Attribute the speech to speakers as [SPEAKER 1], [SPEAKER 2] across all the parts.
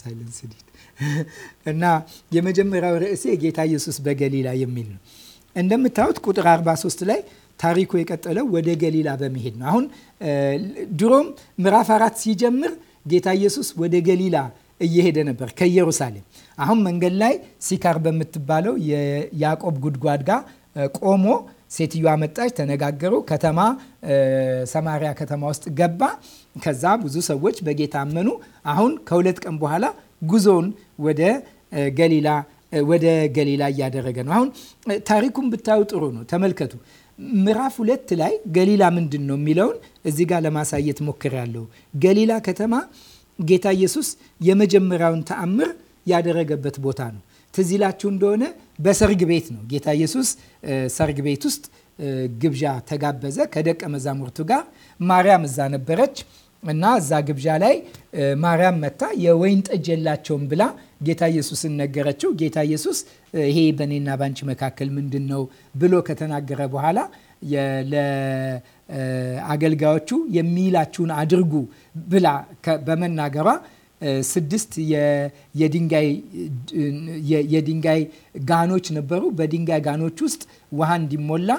[SPEAKER 1] ሳይለንስ ዲድ እና የመጀመሪያው ርዕሴ ጌታ ኢየሱስ በገሊላ የሚል ነው። እንደምታዩት ቁጥር 43 ላይ ታሪኩ የቀጠለው ወደ ገሊላ በመሄድ ነው። አሁን ድሮም ምዕራፍ አራት ሲጀምር ጌታ ኢየሱስ ወደ ገሊላ እየሄደ ነበር ከኢየሩሳሌም። አሁን መንገድ ላይ ሲካር በምትባለው የያዕቆብ ጉድጓድ ጋር ቆሞ ሴትዮዋ መጣች፣ ተነጋገሩ። ከተማ ሰማሪያ ከተማ ውስጥ ገባ። ከዛ ብዙ ሰዎች በጌታ አመኑ። አሁን ከሁለት ቀን በኋላ ጉዞውን ወደ ገሊላ ወደ ገሊላ እያደረገ ነው። አሁን ታሪኩን ብታዩ ጥሩ ነው። ተመልከቱ። ምዕራፍ ሁለት ላይ ገሊላ ምንድን ነው የሚለውን እዚ ጋር ለማሳየት ሞክሬያለሁ። ገሊላ ከተማ ጌታ ኢየሱስ የመጀመሪያውን ተአምር ያደረገበት ቦታ ነው። ትዝ ይላችሁ እንደሆነ በሰርግ ቤት ነው። ጌታ ኢየሱስ ሰርግ ቤት ውስጥ ግብዣ ተጋበዘ ከደቀ መዛሙርቱ ጋር። ማርያም እዛ ነበረች እና እዛ ግብዣ ላይ ማርያም መታ የወይን ጠጅ የላቸውም ብላ ጌታ ኢየሱስን ነገረችው። ጌታ ኢየሱስ ይሄ በእኔና ባንቺ መካከል ምንድን ነው ብሎ ከተናገረ በኋላ ለአገልጋዮቹ የሚላችሁን አድርጉ ብላ በመናገሯ ስድስት የድንጋይ ጋኖች ነበሩ። በድንጋይ ጋኖች ውስጥ ውሃ እንዲሞላ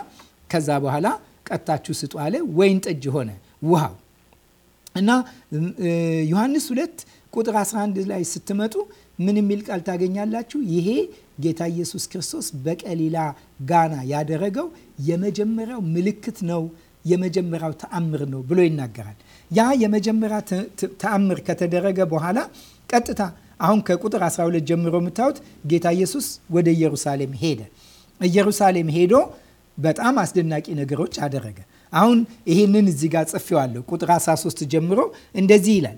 [SPEAKER 1] ከዛ በኋላ ቀታችሁ ስጡ አለ። ወይን ጠጅ ሆነ ውሃው እና ዮሐንስ ሁለት ቁጥር 11 ላይ ስትመጡ ምን የሚል ቃል ታገኛላችሁ? ይሄ ጌታ ኢየሱስ ክርስቶስ በቀሊላ ጋና ያደረገው የመጀመሪያው ምልክት ነው፣ የመጀመሪያው ተአምር ነው ብሎ ይናገራል። ያ የመጀመሪያ ተአምር ከተደረገ በኋላ ቀጥታ አሁን ከቁጥር 12 ጀምሮ የምታዩት ጌታ ኢየሱስ ወደ ኢየሩሳሌም ሄደ። ኢየሩሳሌም ሄዶ በጣም አስደናቂ ነገሮች አደረገ። አሁን ይህንን እዚህ ጋር ጽፌዋለሁ። ቁጥር 13 ጀምሮ እንደዚህ ይላል።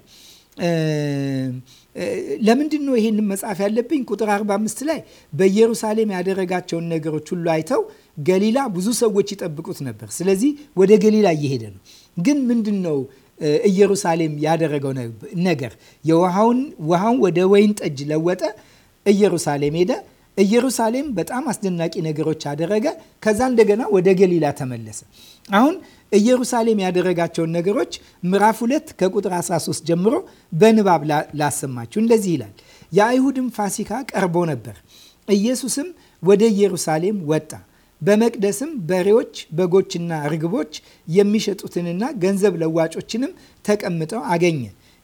[SPEAKER 1] ለምንድን ነው ይህንን መጽሐፍ ያለብኝ? ቁጥር 45 ላይ በኢየሩሳሌም ያደረጋቸውን ነገሮች ሁሉ አይተው ገሊላ ብዙ ሰዎች ይጠብቁት ነበር። ስለዚህ ወደ ገሊላ እየሄደ ነው። ግን ምንድን ነው ኢየሩሳሌም ያደረገው ነገር የውሃውን ውሃውን ወደ ወይን ጠጅ ለወጠ። ኢየሩሳሌም ሄደ። ኢየሩሳሌም በጣም አስደናቂ ነገሮች አደረገ። ከዛ እንደገና ወደ ገሊላ ተመለሰ። አሁን ኢየሩሳሌም ያደረጋቸውን ነገሮች ምዕራፍ ሁለት ከቁጥር 13 ጀምሮ በንባብ ላሰማችሁ። እንደዚህ ይላል። የአይሁድም ፋሲካ ቀርቦ ነበር። ኢየሱስም ወደ ኢየሩሳሌም ወጣ በመቅደስም በሬዎች በጎችና ርግቦች የሚሸጡትንና ገንዘብ ለዋጮችንም ተቀምጠው አገኘ።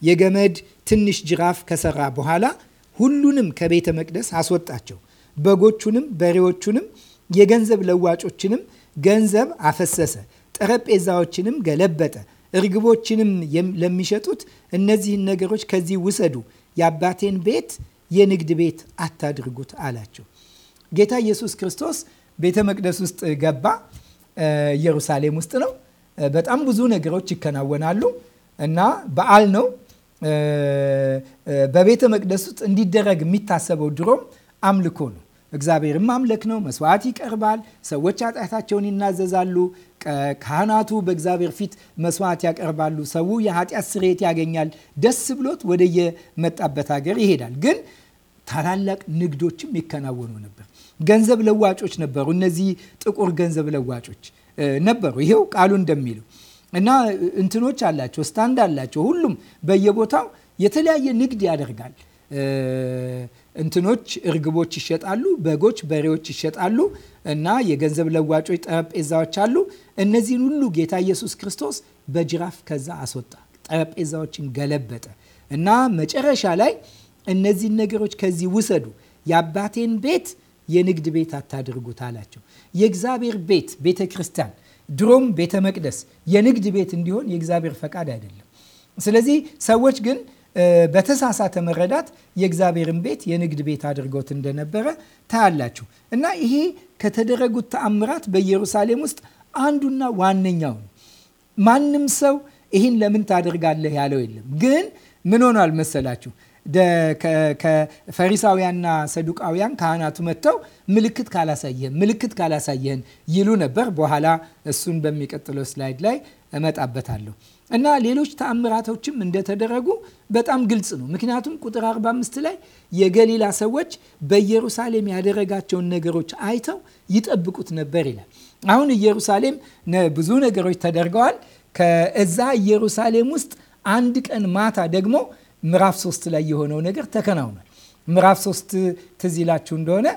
[SPEAKER 1] የገመድ ትንሽ ጅራፍ ከሰራ በኋላ ሁሉንም ከቤተ መቅደስ አስወጣቸው። በጎቹንም በሬዎቹንም የገንዘብ ለዋጮችንም ገንዘብ አፈሰሰ። ጠረጴዛዎችንም ገለበጠ። እርግቦችንም ለሚሸጡት እነዚህን ነገሮች ከዚህ ውሰዱ፣ የአባቴን ቤት የንግድ ቤት አታድርጉት አላቸው። ጌታ ኢየሱስ ክርስቶስ ቤተ መቅደስ ውስጥ ገባ። ኢየሩሳሌም ውስጥ ነው። በጣም ብዙ ነገሮች ይከናወናሉ እና በዓል ነው። በቤተ መቅደስ ውስጥ እንዲደረግ የሚታሰበው ድሮም አምልኮ ነው። እግዚአብሔር ማምለክ ነው። መስዋዕት ይቀርባል። ሰዎች ኃጢአታቸውን ይናዘዛሉ። ካህናቱ በእግዚአብሔር ፊት መስዋዕት ያቀርባሉ። ሰው የኃጢአት ስርየት ያገኛል። ደስ ብሎት ወደየመጣበት ሀገር ይሄዳል። ግን ታላላቅ ንግዶችም ይከናወኑ ነበር። ገንዘብ ለዋጮች ነበሩ። እነዚህ ጥቁር ገንዘብ ለዋጮች ነበሩ። ይሄው ቃሉ እንደሚለው እና እንትኖች አላቸው፣ ስታንድ አላቸው። ሁሉም በየቦታው የተለያየ ንግድ ያደርጋል። እንትኖች እርግቦች ይሸጣሉ፣ በጎች፣ በሬዎች ይሸጣሉ እና የገንዘብ ለዋጮች ጠረጴዛዎች አሉ። እነዚህን ሁሉ ጌታ ኢየሱስ ክርስቶስ በጅራፍ ከዛ አስወጣ፣ ጠረጴዛዎችን ገለበጠ እና መጨረሻ ላይ እነዚህን ነገሮች ከዚህ ውሰዱ፣ የአባቴን ቤት የንግድ ቤት አታድርጉት አላቸው። የእግዚአብሔር ቤት ቤተ ክርስቲያን፣ ድሮም ቤተ መቅደስ የንግድ ቤት እንዲሆን የእግዚአብሔር ፈቃድ አይደለም። ስለዚህ ሰዎች ግን በተሳሳተ መረዳት የእግዚአብሔርን ቤት የንግድ ቤት አድርጎት እንደነበረ ታያላችሁ። እና ይሄ ከተደረጉት ተአምራት በኢየሩሳሌም ውስጥ አንዱና ዋነኛው ነው። ማንም ሰው ይህን ለምን ታደርጋለህ ያለው የለም። ግን ምን ሆኗል መሰላችሁ? ፈሪሳውያንና ሰዱቃውያን ካህናቱ መጥተው ምልክት ካላሳየን ምልክት ካላሳየን ይሉ ነበር። በኋላ እሱን በሚቀጥለው ስላይድ ላይ እመጣበታለሁ እና ሌሎች ተአምራቶችም እንደተደረጉ በጣም ግልጽ ነው። ምክንያቱም ቁጥር 45 ላይ የገሊላ ሰዎች በኢየሩሳሌም ያደረጋቸውን ነገሮች አይተው ይጠብቁት ነበር ይላል። አሁን ኢየሩሳሌም ብዙ ነገሮች ተደርገዋል። ከዛ ኢየሩሳሌም ውስጥ አንድ ቀን ማታ ደግሞ ምዕራፍ ሶስት ላይ የሆነው ነገር ተከናውኗል። ምዕራፍ ሶስት ትዝ ይላችሁ እንደሆነ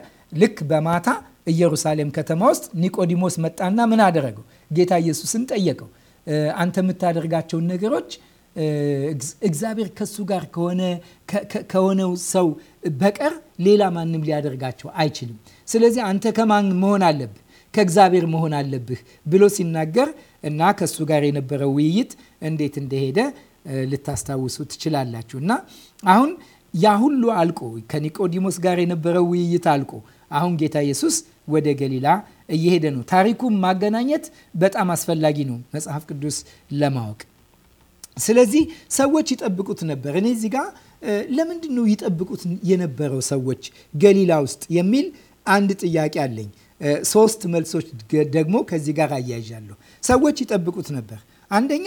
[SPEAKER 1] ልክ በማታ ኢየሩሳሌም ከተማ ውስጥ ኒቆዲሞስ መጣና ምን አደረገው? ጌታ ኢየሱስን ጠየቀው። አንተ የምታደርጋቸውን ነገሮች እግዚአብሔር ከሱ ጋር ከሆነው ሰው በቀር ሌላ ማንም ሊያደርጋቸው አይችልም። ስለዚህ አንተ ከማን መሆን አለብህ? ከእግዚአብሔር መሆን አለብህ ብሎ ሲናገር እና ከሱ ጋር የነበረው ውይይት እንዴት እንደሄደ ልታስታውሱ ትችላላችሁ። እና አሁን ያ ሁሉ አልቆ ከኒቆዲሞስ ጋር የነበረው ውይይት አልቆ አሁን ጌታ ኢየሱስ ወደ ገሊላ እየሄደ ነው። ታሪኩን ማገናኘት በጣም አስፈላጊ ነው መጽሐፍ ቅዱስ ለማወቅ። ስለዚህ ሰዎች ይጠብቁት ነበር። እኔ እዚህ ጋር ለምንድን ነው ይጠብቁት የነበረው ሰዎች ገሊላ ውስጥ የሚል አንድ ጥያቄ አለኝ። ሶስት መልሶች ደግሞ ከዚህ ጋር አያይዣለሁ። ሰዎች ይጠብቁት ነበር። አንደኛ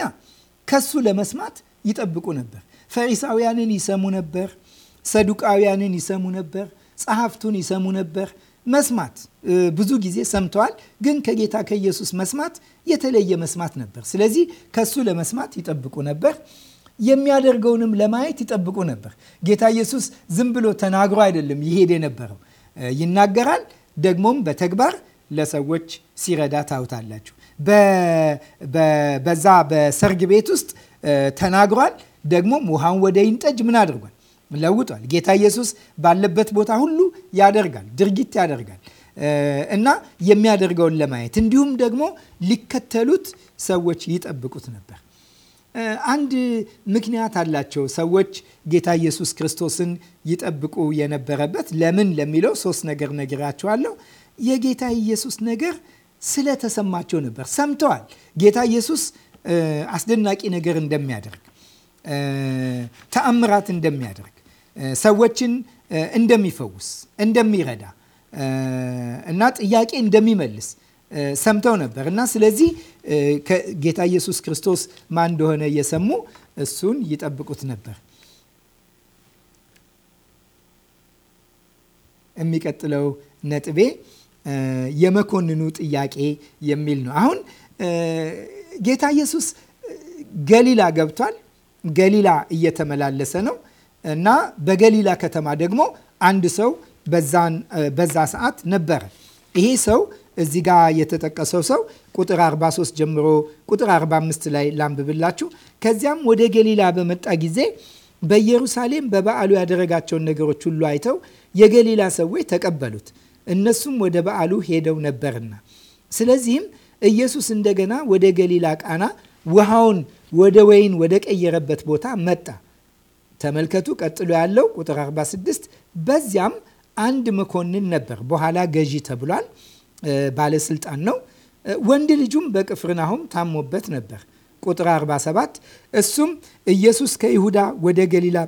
[SPEAKER 1] ከሱ ለመስማት ይጠብቁ ነበር። ፈሪሳውያንን ይሰሙ ነበር። ሰዱቃውያንን ይሰሙ ነበር። ጸሐፍቱን ይሰሙ ነበር። መስማት ብዙ ጊዜ ሰምተዋል፣ ግን ከጌታ ከኢየሱስ መስማት የተለየ መስማት ነበር። ስለዚህ ከሱ ለመስማት ይጠብቁ ነበር። የሚያደርገውንም ለማየት ይጠብቁ ነበር። ጌታ ኢየሱስ ዝም ብሎ ተናግሮ አይደለም ይሄድ የነበረው፣ ይናገራል። ደግሞም በተግባር ለሰዎች ሲረዳ ታውታላችሁ። በዛ በሰርግ ቤት ውስጥ ተናግሯል። ደግሞም ውሃን ወደ ወይን ጠጅ ምን አድርጓል? ለውጧል። ጌታ ኢየሱስ ባለበት ቦታ ሁሉ ያደርጋል፣ ድርጊት ያደርጋል እና የሚያደርገውን ለማየት እንዲሁም ደግሞ ሊከተሉት ሰዎች ይጠብቁት ነበር። አንድ ምክንያት አላቸው ሰዎች ጌታ ኢየሱስ ክርስቶስን ይጠብቁ የነበረበት ለምን ለሚለው ሶስት ነገር ነግራችኋለሁ። የጌታ ኢየሱስ ነገር ስለተሰማቸው ነበር። ሰምተዋል ጌታ ኢየሱስ አስደናቂ ነገር እንደሚያደርግ፣ ተአምራት እንደሚያደርግ፣ ሰዎችን እንደሚፈውስ፣ እንደሚረዳ እና ጥያቄ እንደሚመልስ ሰምተው ነበር እና ስለዚህ ጌታ ኢየሱስ ክርስቶስ ማን እንደሆነ እየሰሙ እሱን ይጠብቁት ነበር። የሚቀጥለው ነጥቤ የመኮንኑ ጥያቄ የሚል ነው። አሁን ጌታ ኢየሱስ ገሊላ ገብቷል። ገሊላ እየተመላለሰ ነው እና በገሊላ ከተማ ደግሞ አንድ ሰው በዛ ሰዓት ነበረ። ይሄ ሰው እዚህ ጋ የተጠቀሰው ሰው ቁጥር 43 ጀምሮ ቁጥር 45 ላይ ላንብብላችሁ። ከዚያም ወደ ገሊላ በመጣ ጊዜ በኢየሩሳሌም በበዓሉ ያደረጋቸውን ነገሮች ሁሉ አይተው የገሊላ ሰዎች ተቀበሉት። እነሱም ወደ በዓሉ ሄደው ነበርና። ስለዚህም ኢየሱስ እንደገና ወደ ገሊላ ቃና ውሃውን ወደ ወይን ወደ ቀየረበት ቦታ መጣ። ተመልከቱ፣ ቀጥሎ ያለው ቁጥር 46 በዚያም አንድ መኮንን ነበር፣ በኋላ ገዢ ተብሏል። ባለስልጣን ነው። ወንድ ልጁም በቅፍርናሆም ታሞበት ነበር። ቁጥር 47 እሱም ኢየሱስ ከይሁዳ ወደ ገሊላ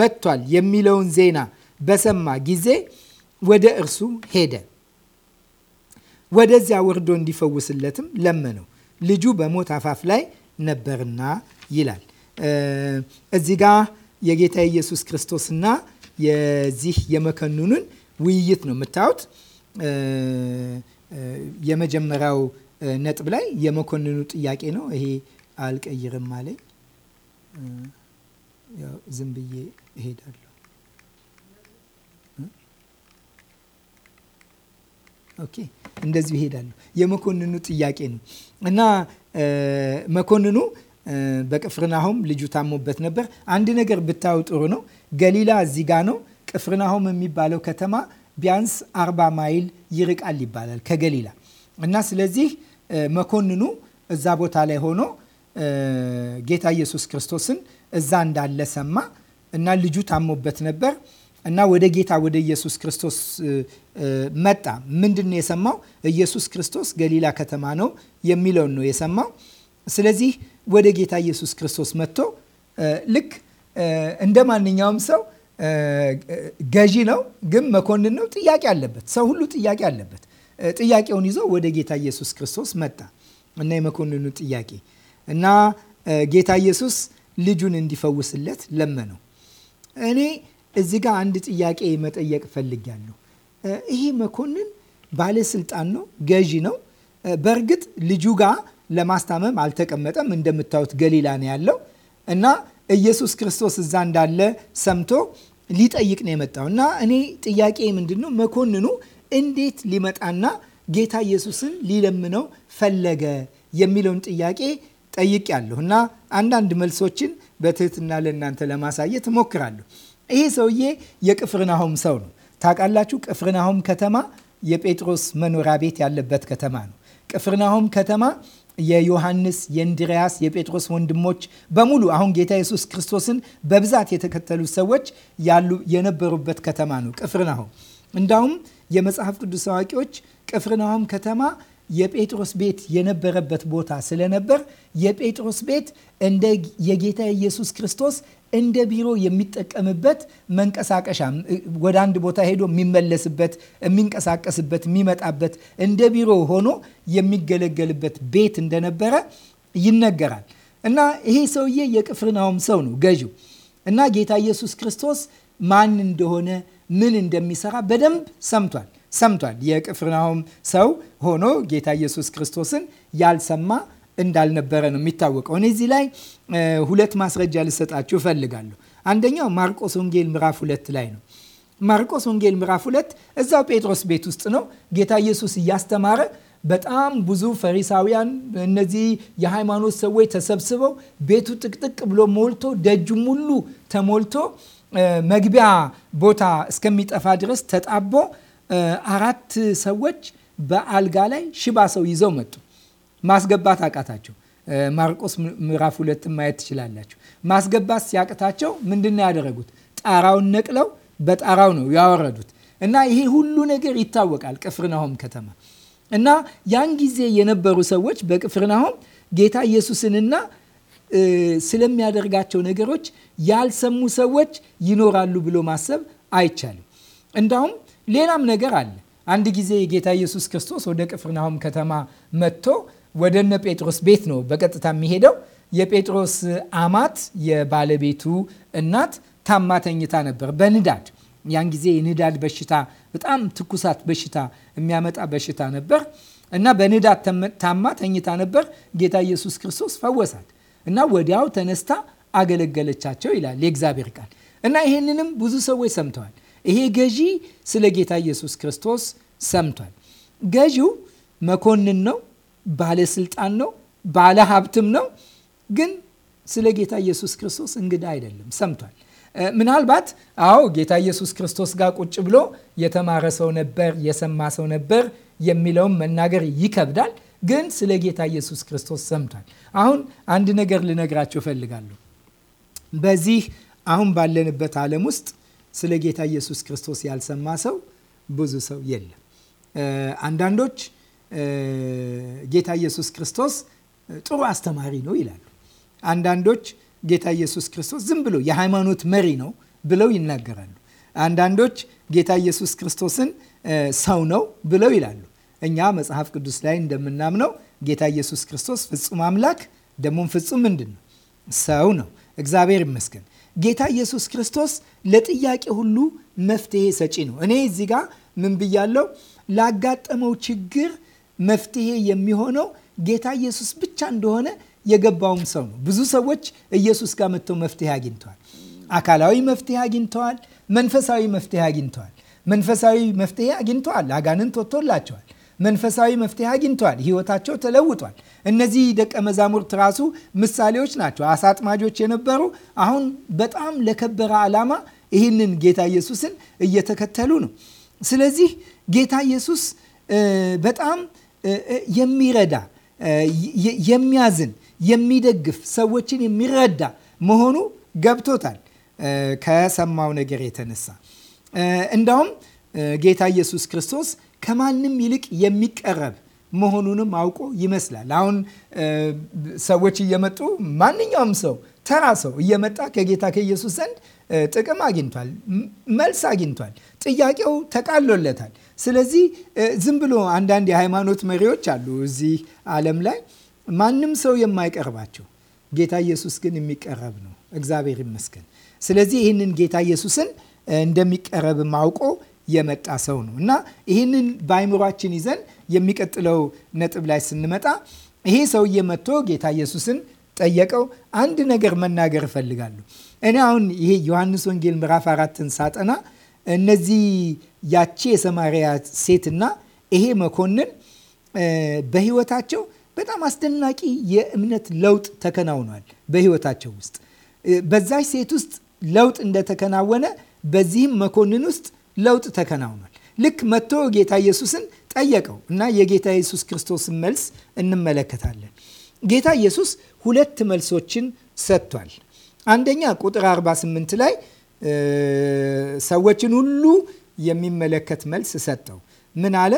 [SPEAKER 1] መጥቷል የሚለውን ዜና በሰማ ጊዜ ወደ እርሱ ሄደ። ወደዚያ ወርዶ እንዲፈውስለትም ለመነው። ልጁ በሞት አፋፍ ላይ ነበርና ይላል። እዚህ ጋ የጌታ ኢየሱስ ክርስቶስና የዚህ የመከኑንን ውይይት ነው የምታዩት። የመጀመሪያው ነጥብ ላይ የመኮንኑ ጥያቄ ነው። ይሄ አልቀይርም አለኝ። ዝም ብዬ እሄዳለሁ። ኦኬ እንደዚሁ ይሄዳሉ። የመኮንኑ ጥያቄ ነው እና መኮንኑ በቅፍርናሆም ልጁ ታሞበት ነበር። አንድ ነገር ብታዩ ጥሩ ነው። ገሊላ እዚህ ጋ ነው። ቅፍርናሆም የሚባለው ከተማ ቢያንስ አርባ ማይል ይርቃል ይባላል ከገሊላ እና ስለዚህ መኮንኑ እዛ ቦታ ላይ ሆኖ ጌታ ኢየሱስ ክርስቶስን እዛ እንዳለ ሰማ እና ልጁ ታሞበት ነበር እና ወደ ጌታ ወደ ኢየሱስ ክርስቶስ መጣ። ምንድን ነው የሰማው? ኢየሱስ ክርስቶስ ገሊላ ከተማ ነው የሚለውን ነው የሰማው። ስለዚህ ወደ ጌታ ኢየሱስ ክርስቶስ መጥቶ ልክ እንደ ማንኛውም ሰው ገዢ ነው፣ ግን መኮንን ነው። ጥያቄ አለበት። ሰው ሁሉ ጥያቄ አለበት። ጥያቄውን ይዞ ወደ ጌታ ኢየሱስ ክርስቶስ መጣ እና የመኮንኑ ጥያቄ እና ጌታ ኢየሱስ ልጁን እንዲፈውስለት ለመነው። እኔ እዚ ጋር አንድ ጥያቄ መጠየቅ ፈልጊያለሁ። ይሄ መኮንን ባለስልጣን ነው፣ ገዢ ነው። በእርግጥ ልጁ ጋር ለማስታመም አልተቀመጠም። እንደምታዩት ገሊላ ነው ያለው እና ኢየሱስ ክርስቶስ እዛ እንዳለ ሰምቶ ሊጠይቅ ነው የመጣው እና እኔ ጥያቄ ምንድን ነው መኮንኑ እንዴት ሊመጣና ጌታ ኢየሱስን ሊለምነው ፈለገ የሚለውን ጥያቄ ጠይቅ ያለሁ እና አንዳንድ መልሶችን በትህትና ለእናንተ ለማሳየት እሞክራለሁ። ይሄ ሰውዬ የቅፍርናሆም ሰው ነው። ታውቃላችሁ፣ ቅፍርናሆም ከተማ የጴጥሮስ መኖሪያ ቤት ያለበት ከተማ ነው። ቅፍርናሆም ከተማ የዮሐንስ፣ የእንድሪያስ፣ የጴጥሮስ ወንድሞች በሙሉ አሁን ጌታ ኢየሱስ ክርስቶስን በብዛት የተከተሉ ሰዎች ያሉ የነበሩበት ከተማ ነው ቅፍርናሆም። እንዳውም የመጽሐፍ ቅዱስ አዋቂዎች ቅፍርናሆም ከተማ የጴጥሮስ ቤት የነበረበት ቦታ ስለነበር የጴጥሮስ ቤት እንደ የጌታ ኢየሱስ ክርስቶስ እንደ ቢሮ የሚጠቀምበት መንቀሳቀሻ ወደ አንድ ቦታ ሄዶ የሚመለስበት፣ የሚንቀሳቀስበት፣ የሚመጣበት እንደ ቢሮ ሆኖ የሚገለገልበት ቤት እንደነበረ ይነገራል። እና ይሄ ሰውዬ የቅፍርናሆም ሰው ነው ገዢው። እና ጌታ ኢየሱስ ክርስቶስ ማን እንደሆነ ምን እንደሚሰራ በደንብ ሰምቷል ሰምቷል። የቅፍርናሆም ሰው ሆኖ ጌታ ኢየሱስ ክርስቶስን ያልሰማ እንዳልነበረ ነው የሚታወቀው። እኔ እዚህ ላይ ሁለት ማስረጃ ልሰጣችሁ እፈልጋለሁ። አንደኛው ማርቆስ ወንጌል ምዕራፍ ሁለት ላይ ነው። ማርቆስ ወንጌል ምዕራፍ ሁለት እዛው ጴጥሮስ ቤት ውስጥ ነው ጌታ ኢየሱስ እያስተማረ በጣም ብዙ ፈሪሳውያን እነዚህ የሃይማኖት ሰዎች ተሰብስበው ቤቱ ጥቅጥቅ ብሎ ሞልቶ ደጁም ሁሉ ተሞልቶ መግቢያ ቦታ እስከሚጠፋ ድረስ ተጣቦ አራት ሰዎች በአልጋ ላይ ሽባ ሰው ይዘው መጡ። ማስገባት አቃታቸው። ማርቆስ ምዕራፍ ሁለት ማየት ትችላላችሁ። ማስገባት ሲያቅታቸው ምንድን ነው ያደረጉት? ጣራውን ነቅለው በጣራው ነው ያወረዱት እና ይሄ ሁሉ ነገር ይታወቃል ቅፍርናሆም ከተማ እና ያን ጊዜ የነበሩ ሰዎች በቅፍርናሆም ጌታ ኢየሱስንና ስለሚያደርጋቸው ነገሮች ያልሰሙ ሰዎች ይኖራሉ ብሎ ማሰብ አይቻልም። እንዳውም ሌላም ነገር አለ። አንድ ጊዜ ጌታ ኢየሱስ ክርስቶስ ወደ ቅፍርናሆም ከተማ መጥቶ ወደ እነ ጴጥሮስ ቤት ነው በቀጥታ የሚሄደው። የጴጥሮስ አማት የባለቤቱ እናት ታማ ተኝታ ነበር በንዳድ ያን ጊዜ የንዳድ በሽታ በጣም ትኩሳት በሽታ የሚያመጣ በሽታ ነበር እና በንዳድ ታማ ተኝታ ነበር። ጌታ ኢየሱስ ክርስቶስ ፈወሳት እና ወዲያው ተነስታ አገለገለቻቸው ይላል የእግዚአብሔር ቃል። እና ይህንንም ብዙ ሰዎች ሰምተዋል። ይሄ ገዢ ስለ ጌታ ኢየሱስ ክርስቶስ ሰምቷል። ገዢው መኮንን ነው ባለስልጣን ነው፣ ባለ ሀብትም ነው። ግን ስለ ጌታ ኢየሱስ ክርስቶስ እንግዳ አይደለም፣ ሰምቷል። ምናልባት አዎ ጌታ ኢየሱስ ክርስቶስ ጋር ቁጭ ብሎ የተማረ ሰው ነበር፣ የሰማ ሰው ነበር የሚለውም መናገር ይከብዳል። ግን ስለ ጌታ ኢየሱስ ክርስቶስ ሰምቷል። አሁን አንድ ነገር ልነግራቸው እፈልጋለሁ። በዚህ አሁን ባለንበት ዓለም ውስጥ ስለ ጌታ ኢየሱስ ክርስቶስ ያልሰማ ሰው ብዙ ሰው የለም። አንዳንዶች ጌታ ኢየሱስ ክርስቶስ ጥሩ አስተማሪ ነው ይላሉ። አንዳንዶች ጌታ ኢየሱስ ክርስቶስ ዝም ብሎ የሃይማኖት መሪ ነው ብለው ይናገራሉ። አንዳንዶች ጌታ ኢየሱስ ክርስቶስን ሰው ነው ብለው ይላሉ። እኛ መጽሐፍ ቅዱስ ላይ እንደምናምነው ጌታ ኢየሱስ ክርስቶስ ፍጹም አምላክ ደግሞም ፍጹም ምንድን ነው ሰው ነው። እግዚአብሔር ይመስገን። ጌታ ኢየሱስ ክርስቶስ ለጥያቄ ሁሉ መፍትሄ ሰጪ ነው። እኔ እዚህ ጋር ምን ብያለው? ላጋጠመው ችግር መፍትሄ የሚሆነው ጌታ ኢየሱስ ብቻ እንደሆነ የገባውም ሰው ነው። ብዙ ሰዎች ኢየሱስ ጋር መጥተው መፍትሄ አግኝተዋል። አካላዊ መፍትሄ አግኝተዋል። መንፈሳዊ መፍትሄ አግኝተዋል። መንፈሳዊ መፍትሄ አግኝተዋል። አጋንንት ወጥቶላቸዋል። መንፈሳዊ መፍትሄ አግኝተዋል። ህይወታቸው ተለውጧል። እነዚህ ደቀ መዛሙርት ራሱ ምሳሌዎች ናቸው። አሳ አጥማጆች የነበሩ አሁን በጣም ለከበረ ዓላማ ይህንን ጌታ ኢየሱስን እየተከተሉ ነው። ስለዚህ ጌታ ኢየሱስ በጣም የሚረዳ የሚያዝን፣ የሚደግፍ፣ ሰዎችን የሚረዳ መሆኑ ገብቶታል ከሰማው ነገር የተነሳ እንዳውም ጌታ ኢየሱስ ክርስቶስ ከማንም ይልቅ የሚቀረብ መሆኑንም አውቆ ይመስላል። አሁን ሰዎች እየመጡ ማንኛውም ሰው ተራ ሰው እየመጣ ከጌታ ከኢየሱስ ዘንድ ጥቅም አግኝቷል፣ መልስ አግኝቷል፣ ጥያቄው ተቃሎለታል። ስለዚህ ዝም ብሎ አንዳንድ የሃይማኖት መሪዎች አሉ እዚህ ዓለም ላይ ማንም ሰው የማይቀርባቸው፣ ጌታ ኢየሱስ ግን የሚቀረብ ነው። እግዚአብሔር ይመስገን። ስለዚህ ይህንን ጌታ ኢየሱስን እንደሚቀረብ ማውቆ የመጣ ሰው ነው እና ይህንን በአይምሯችን ይዘን የሚቀጥለው ነጥብ ላይ ስንመጣ ይሄ ሰውዬ መጥቶ ጌታ ኢየሱስን ጠየቀው አንድ ነገር መናገር እፈልጋለሁ። እኔ አሁን ይሄ ዮሐንስ ወንጌል ምዕራፍ አራትን ሳጠና እነዚህ ያቺ የሰማሪያ ሴትና ይሄ መኮንን በህይወታቸው በጣም አስደናቂ የእምነት ለውጥ ተከናውኗል። በህይወታቸው ውስጥ በዛች ሴት ውስጥ ለውጥ እንደተከናወነ በዚህም መኮንን ውስጥ ለውጥ ተከናውኗል። ልክ መጥቶ ጌታ ኢየሱስን ጠየቀው እና የጌታ ኢየሱስ ክርስቶስን መልስ እንመለከታለን። ጌታ ኢየሱስ ሁለት መልሶችን ሰጥቷል። አንደኛ ቁጥር 48 ላይ ሰዎችን ሁሉ የሚመለከት መልስ ሰጠው። ምን አለ?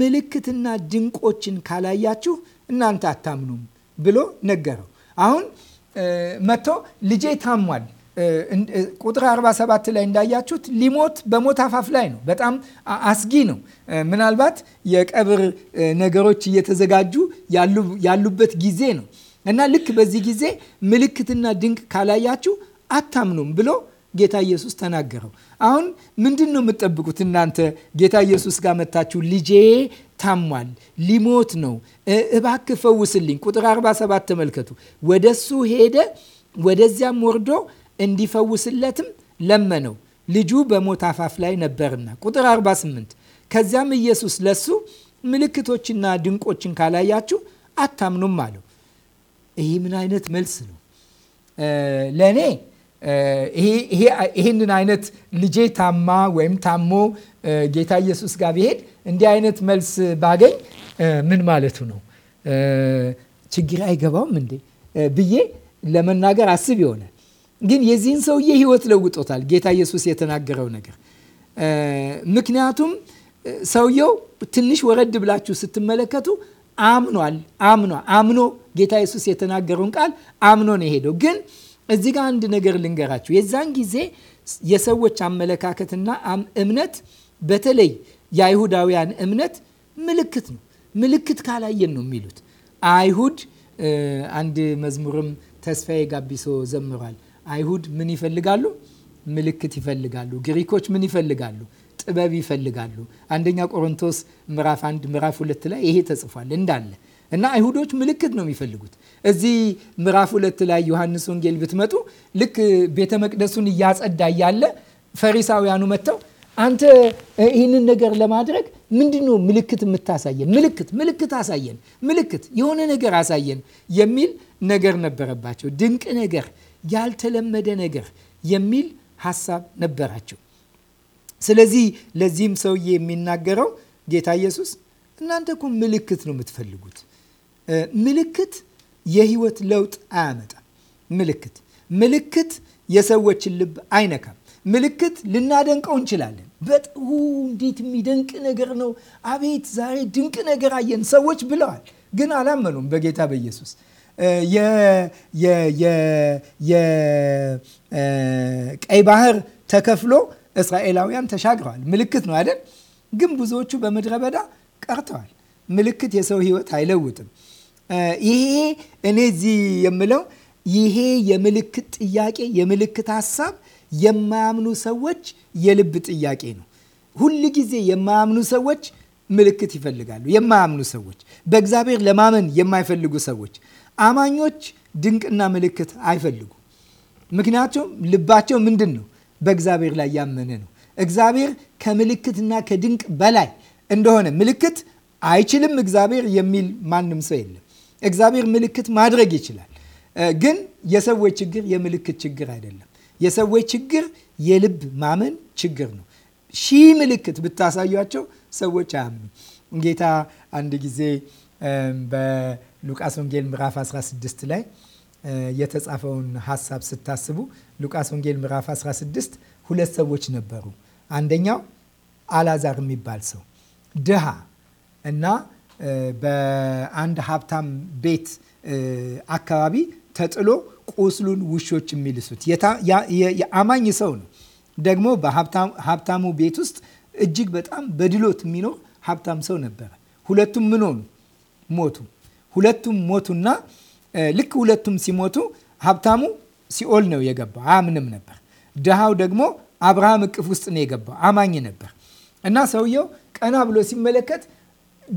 [SPEAKER 1] ምልክትና ድንቆችን ካላያችሁ እናንተ አታምኑም ብሎ ነገረው። አሁን መጥቶ ልጄ ታሟል ቁጥር 47 ላይ እንዳያችሁት ሊሞት በሞት አፋፍ ላይ ነው። በጣም አስጊ ነው። ምናልባት የቀብር ነገሮች እየተዘጋጁ ያሉበት ጊዜ ነው እና ልክ በዚህ ጊዜ ምልክትና ድንቅ ካላያችሁ አታምኑም ብሎ ጌታ ኢየሱስ ተናገረው። አሁን ምንድን ነው የምትጠብቁት እናንተ? ጌታ ኢየሱስ ጋር መታችሁ ልጄ ታሟል፣ ሊሞት ነው፣ እባክ ፈውስልኝ። ቁጥር 47 ተመልከቱ። ወደሱ ሄደ፣ ወደዚያም ወርዶ እንዲፈውስለትም ለመነው። ልጁ በሞት አፋፍ ላይ ነበርና። ቁጥር 48 ከዚያም ኢየሱስ ለሱ ምልክቶችና ድንቆችን ካላያችሁ አታምኑም አለው። ይህ ምን አይነት መልስ ነው? ለእኔ ይህንን አይነት ልጄ ታማ ወይም ታሞ ጌታ ኢየሱስ ጋር ቢሄድ እንዲህ አይነት መልስ ባገኝ ምን ማለቱ ነው? ችግር አይገባውም እንዴ ብዬ ለመናገር አስብ ይሆናል። ግን የዚህን ሰውዬ ህይወት ለውጦታል ጌታ ኢየሱስ የተናገረው ነገር። ምክንያቱም ሰውየው ትንሽ ወረድ ብላችሁ ስትመለከቱ አምኗል አምኗ አምኖ ጌታ ኢየሱስ የተናገረውን ቃል አምኖ ነው የሄደው። ግን እዚህ ጋር አንድ ነገር ልንገራችሁ። የዛን ጊዜ የሰዎች አመለካከትና እምነት በተለይ የአይሁዳውያን እምነት ምልክት ነው። ምልክት ካላየን ነው የሚሉት አይሁድ። አንድ መዝሙርም ተስፋዬ ጋቢሶ ዘምሯል። አይሁድ ምን ይፈልጋሉ? ምልክት ይፈልጋሉ። ግሪኮች ምን ይፈልጋሉ? ጥበብ ይፈልጋሉ። አንደኛ ቆሮንቶስ ምዕራፍ አንድ ምዕራፍ ሁለት ላይ ይሄ ተጽፏል እንዳለ እና አይሁዶች ምልክት ነው የሚፈልጉት። እዚህ ምዕራፍ ሁለት ላይ ዮሐንስ ወንጌል ብትመጡ ልክ ቤተ መቅደሱን እያጸዳ እያለ ፈሪሳውያኑ መጥተው አንተ ይህንን ነገር ለማድረግ ምንድን ነው ምልክት የምታሳየን? ምልክት ምልክት አሳየን፣ ምልክት የሆነ ነገር አሳየን የሚል ነገር ነበረባቸው። ድንቅ ነገር ያልተለመደ ነገር የሚል ሀሳብ ነበራቸው። ስለዚህ ለዚህም ሰውዬ የሚናገረው ጌታ ኢየሱስ እናንተ እኮ ምልክት ነው የምትፈልጉት። ምልክት የህይወት ለውጥ አያመጣም። ምልክት ምልክት የሰዎችን ልብ አይነካም። ምልክት ልናደንቀው እንችላለን። በጥሁ እንዴት የሚደንቅ ነገር ነው! አቤት ዛሬ ድንቅ ነገር አየን ሰዎች ብለዋል፣ ግን አላመኑም በጌታ በኢየሱስ የቀይ ባህር ተከፍሎ እስራኤላውያን ተሻግረዋል። ምልክት ነው አይደል? ግን ብዙዎቹ በምድረ በዳ ቀርተዋል። ምልክት የሰው ሕይወት አይለውጥም። ይሄ እኔ እዚህ የምለው ይሄ የምልክት ጥያቄ የምልክት ሀሳብ የማያምኑ ሰዎች የልብ ጥያቄ ነው። ሁል ጊዜ የማያምኑ ሰዎች ምልክት ይፈልጋሉ። የማያምኑ ሰዎች፣ በእግዚአብሔር ለማመን የማይፈልጉ ሰዎች አማኞች ድንቅና ምልክት አይፈልጉም። ምክንያቱም ልባቸው ምንድን ነው? በእግዚአብሔር ላይ ያመነ ነው። እግዚአብሔር ከምልክትና ከድንቅ በላይ እንደሆነ ምልክት አይችልም እግዚአብሔር የሚል ማንም ሰው የለም። እግዚአብሔር ምልክት ማድረግ ይችላል። ግን የሰዎች ችግር የምልክት ችግር አይደለም። የሰዎች ችግር የልብ ማመን ችግር ነው። ሺህ ምልክት ብታሳያቸው ሰዎች አያምኑ። ጌታ አንድ ጊዜ ሉቃስ ወንጌል ምዕራፍ 16 ላይ የተጻፈውን ሀሳብ ስታስቡ ሉቃስ ወንጌል ምዕራፍ 16 ሁለት ሰዎች ነበሩ። አንደኛው አላዛር የሚባል ሰው ድሃ እና በአንድ ሀብታም ቤት አካባቢ ተጥሎ ቁስሉን ውሾች የሚልሱት የአማኝ ሰው ነው። ደግሞ በሀብታሙ ቤት ውስጥ እጅግ በጣም በድሎት የሚኖር ሀብታም ሰው ነበረ። ሁለቱም ምን ሆኑ? ሞቱ። ሁለቱም ሞቱና ልክ ሁለቱም ሲሞቱ ሀብታሙ ሲኦል ነው የገባው፣ አያምንም ነበር። ድሃው ደግሞ አብርሃም እቅፍ ውስጥ ነው የገባው፣ አማኝ ነበር። እና ሰውየው ቀና ብሎ ሲመለከት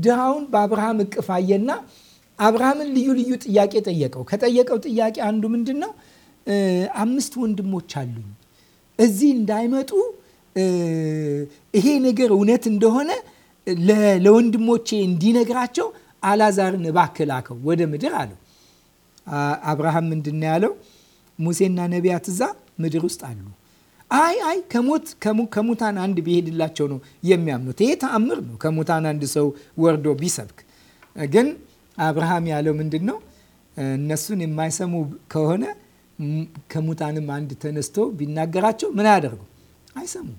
[SPEAKER 1] ድሃውን በአብርሃም እቅፍ አየና አብርሃምን ልዩ ልዩ ጥያቄ ጠየቀው። ከጠየቀው ጥያቄ አንዱ ምንድን ነው? አምስት ወንድሞች አሉኝ እዚህ እንዳይመጡ ይሄ ነገር እውነት እንደሆነ ለወንድሞቼ እንዲነግራቸው አላዛርን እባክህ ላከው ወደ ምድር አለው። አብርሃም ምንድን ነው ያለው? ሙሴና ነቢያት እዛ ምድር ውስጥ አሉ። አይ አይ ከሞት ከሙታን አንድ ቢሄድላቸው ነው የሚያምኑት። ይሄ ተአምር ነው፣ ከሙታን አንድ ሰው ወርዶ ቢሰብክ። ግን አብርሃም ያለው ምንድን ነው? እነሱን የማይሰሙ ከሆነ ከሙታንም አንድ ተነስቶ ቢናገራቸው ምን አያደርጉ? አይሰሙም።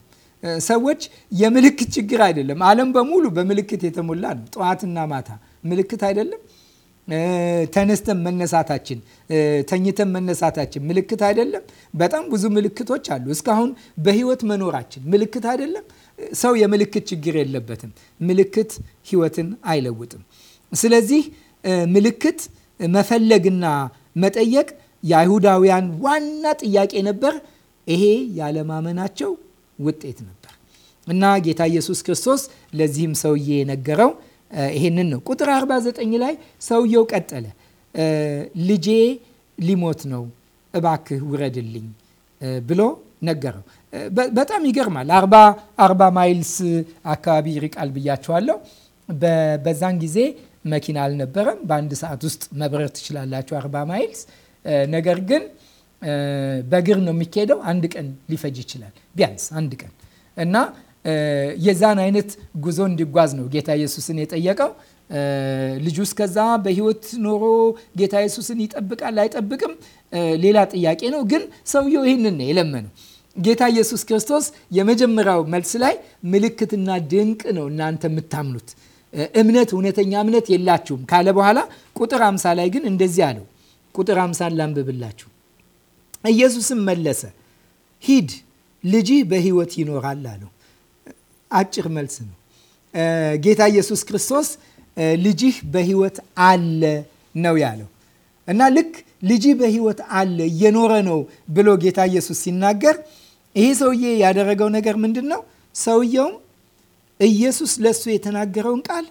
[SPEAKER 1] ሰዎች የምልክት ችግር አይደለም። ዓለም በሙሉ በምልክት የተሞላ ነው። ጠዋትና ማታ ምልክት አይደለም? ተነስተን መነሳታችን፣ ተኝተን መነሳታችን ምልክት አይደለም? በጣም ብዙ ምልክቶች አሉ። እስካሁን በህይወት መኖራችን ምልክት አይደለም? ሰው የምልክት ችግር የለበትም። ምልክት ህይወትን አይለውጥም። ስለዚህ ምልክት መፈለግና መጠየቅ የአይሁዳውያን ዋና ጥያቄ ነበር። ይሄ ያለማመናቸው ውጤት ነበር እና ጌታ ኢየሱስ ክርስቶስ ለዚህም ሰውዬ የነገረው ይሄንን ነው። ቁጥር 49 ላይ ሰውየው ቀጠለ፣ ልጄ ሊሞት ነው እባክህ ውረድልኝ ብሎ ነገረው። በጣም ይገርማል። አርባ አርባ ማይልስ አካባቢ ይርቃል ብያቸዋለሁ። በዛን ጊዜ መኪና አልነበረም። በአንድ ሰዓት ውስጥ መብረር ትችላላችሁ አርባ ማይልስ። ነገር ግን በእግር ነው የሚካሄደው። አንድ ቀን ሊፈጅ ይችላል ቢያንስ አንድ ቀን እና የዛን አይነት ጉዞ እንዲጓዝ ነው ጌታ ኢየሱስን የጠየቀው። ልጁ እስከዛ በህይወት ኖሮ ጌታ ኢየሱስን ይጠብቃል አይጠብቅም ሌላ ጥያቄ ነው። ግን ሰውየው ይህንን ነው የለመነው። ጌታ ኢየሱስ ክርስቶስ የመጀመሪያው መልስ ላይ ምልክትና ድንቅ ነው እናንተ የምታምኑት እምነት እውነተኛ እምነት የላችሁም ካለ በኋላ ቁጥር አምሳ ላይ ግን እንደዚህ አለው። ቁጥር አምሳን ላንብብላችሁ። ኢየሱስም መለሰ ሂድ ልጅህ በህይወት ይኖራል አለው። አጭር መልስ ነው። ጌታ ኢየሱስ ክርስቶስ ልጅህ በህይወት አለ ነው ያለው እና ልክ ልጅህ በህይወት አለ እየኖረ ነው ብሎ ጌታ ኢየሱስ ሲናገር ይሄ ሰውዬ ያደረገው ነገር ምንድን ነው? ሰውየውም ኢየሱስ ለሱ የተናገረውን ቃል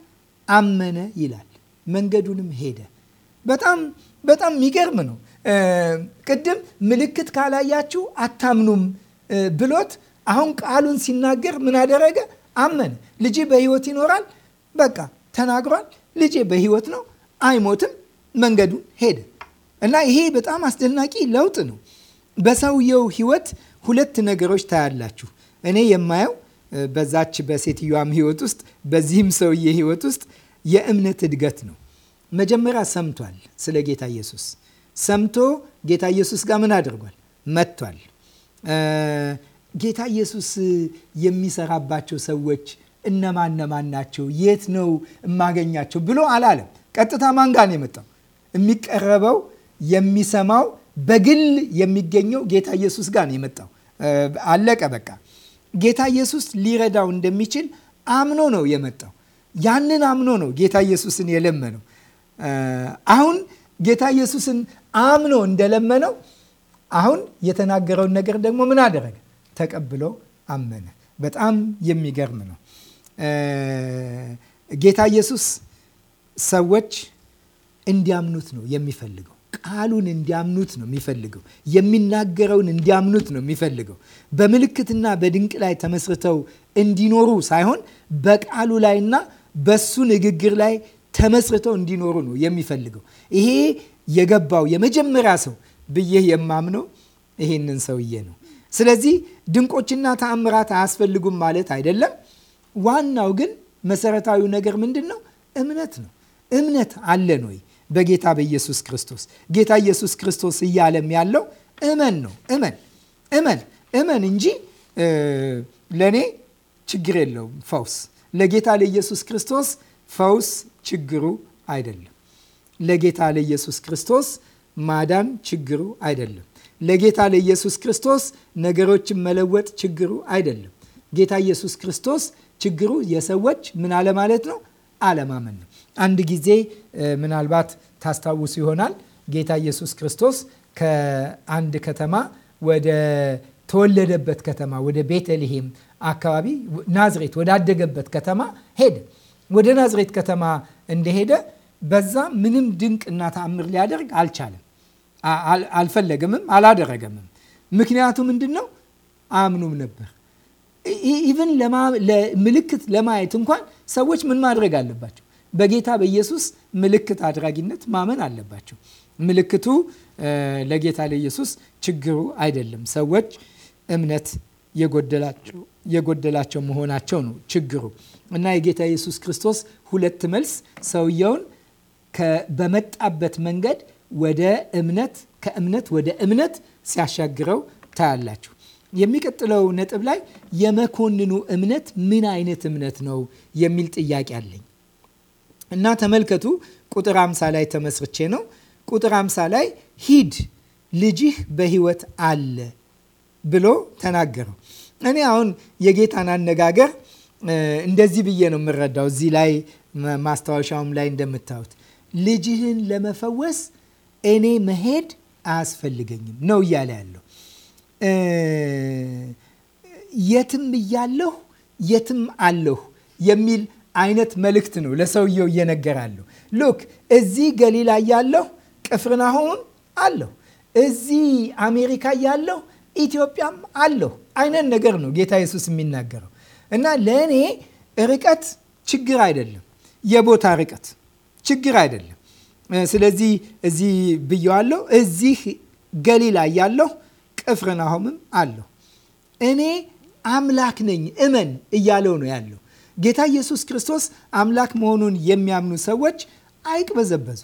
[SPEAKER 1] አመነ ይላል። መንገዱንም ሄደ። በጣም በጣም የሚገርም ነው። ቅድም ምልክት ካላያችሁ አታምኑም ብሎት አሁን ቃሉን ሲናገር ምን አደረገ? አመነ። ልጄ በህይወት ይኖራል። በቃ ተናግሯል። ልጄ በህይወት ነው፣ አይሞትም። መንገዱን ሄደ እና ይሄ በጣም አስደናቂ ለውጥ ነው። በሰውየው ህይወት ሁለት ነገሮች ታያላችሁ። እኔ የማየው በዛች በሴትዮዋም ህይወት ውስጥ በዚህም ሰውዬ ህይወት ውስጥ የእምነት እድገት ነው። መጀመሪያ ሰምቷል ስለ ጌታ ኢየሱስ ሰምቶ ጌታ ኢየሱስ ጋር ምን አድርጓል? መጥቷል ጌታ ኢየሱስ የሚሰራባቸው ሰዎች እነማን እነማን ናቸው? የት ነው እማገኛቸው? ብሎ አላለም። ቀጥታ ማንጋን ነው የመጣው? የሚቀረበው የሚሰማው በግል የሚገኘው ጌታ ኢየሱስ ጋር ነው የመጣው። አለቀ በቃ። ጌታ ኢየሱስ ሊረዳው እንደሚችል አምኖ ነው የመጣው። ያንን አምኖ ነው ጌታ ኢየሱስን የለመነው። አሁን ጌታ ኢየሱስን አምኖ እንደለመነው አሁን የተናገረውን ነገር ደግሞ ምን አደረገ? ተቀብሎ አመነ። በጣም የሚገርም ነው። ጌታ ኢየሱስ ሰዎች እንዲያምኑት ነው የሚፈልገው። ቃሉን እንዲያምኑት ነው የሚፈልገው። የሚናገረውን እንዲያምኑት ነው የሚፈልገው። በምልክትና በድንቅ ላይ ተመስርተው እንዲኖሩ ሳይሆን በቃሉ ላይና በሱ ንግግር ላይ ተመስርተው እንዲኖሩ ነው የሚፈልገው። ይሄ የገባው የመጀመሪያ ሰው ብዬ የማምነው ይሄንን ሰውዬ ነው። ስለዚህ ድንቆችና ተአምራት አያስፈልጉም ማለት አይደለም። ዋናው ግን መሰረታዊው ነገር ምንድን ነው? እምነት ነው። እምነት አለን ወይ በጌታ በኢየሱስ ክርስቶስ? ጌታ ኢየሱስ ክርስቶስ እያለም ያለው እመን ነው። እመን እመን እመን እንጂ ለእኔ ችግር የለውም ፈውስ። ለጌታ ለኢየሱስ ክርስቶስ ፈውስ ችግሩ አይደለም። ለጌታ ለኢየሱስ ክርስቶስ ማዳን ችግሩ አይደለም። ለጌታ ለኢየሱስ ክርስቶስ ነገሮችን መለወጥ ችግሩ አይደለም። ጌታ ኢየሱስ ክርስቶስ ችግሩ የሰዎች ምን አለማለት ነው፣ አለማመን ነው። አንድ ጊዜ ምናልባት ታስታውሱ ይሆናል ጌታ ኢየሱስ ክርስቶስ ከአንድ ከተማ ወደ ተወለደበት ከተማ ወደ ቤተልሔም አካባቢ ናዝሬት ወዳደገበት ከተማ ሄደ። ወደ ናዝሬት ከተማ እንደሄደ በዛ ምንም ድንቅ እና ተአምር ሊያደርግ አልቻለም። አልፈለገምም፣ አላደረገምም። ምክንያቱ ምንድን ነው? አምኑም ነበር። ኢቨን ምልክት ለማየት እንኳን ሰዎች ምን ማድረግ አለባቸው? በጌታ በኢየሱስ ምልክት አድራጊነት ማመን አለባቸው። ምልክቱ ለጌታ ለኢየሱስ ችግሩ አይደለም። ሰዎች እምነት የጎደላቸው መሆናቸው ነው ችግሩ እና የጌታ ኢየሱስ ክርስቶስ ሁለት መልስ ሰውየውን በመጣበት መንገድ ወደ እምነት ከእምነት ወደ እምነት ሲያሻግረው ታያላችሁ። የሚቀጥለው ነጥብ ላይ የመኮንኑ እምነት ምን አይነት እምነት ነው የሚል ጥያቄ አለኝ እና ተመልከቱ። ቁጥር አምሳ ላይ ተመስርቼ ነው። ቁጥር አምሳ ላይ ሂድ ልጅህ በህይወት አለ ብሎ ተናገረው። እኔ አሁን የጌታን አነጋገር እንደዚህ ብዬ ነው የምረዳው። እዚህ ላይ ማስታወሻውም ላይ እንደምታዩት ልጅህን ለመፈወስ እኔ መሄድ አያስፈልገኝም ነው እያለ ያለው። የትም እያለሁ የትም አለሁ የሚል አይነት መልእክት ነው ለሰውየው እየነገራለሁ። ሉክ እዚህ ገሊላ እያለሁ ቅፍርናሆም አለሁ፣ እዚህ አሜሪካ እያለሁ ኢትዮጵያም አለሁ አይነት ነገር ነው ጌታ ኢየሱስ የሚናገረው እና ለእኔ ርቀት ችግር አይደለም፣ የቦታ ርቀት ችግር አይደለም። ስለዚህ እዚህ ብየዋለሁ። እዚህ ገሊላ ያለሁ ቅፍርናሆምም አለሁ። እኔ አምላክ ነኝ እመን እያለው ነው ያለው። ጌታ ኢየሱስ ክርስቶስ አምላክ መሆኑን የሚያምኑ ሰዎች አይቅበዘበዙ፣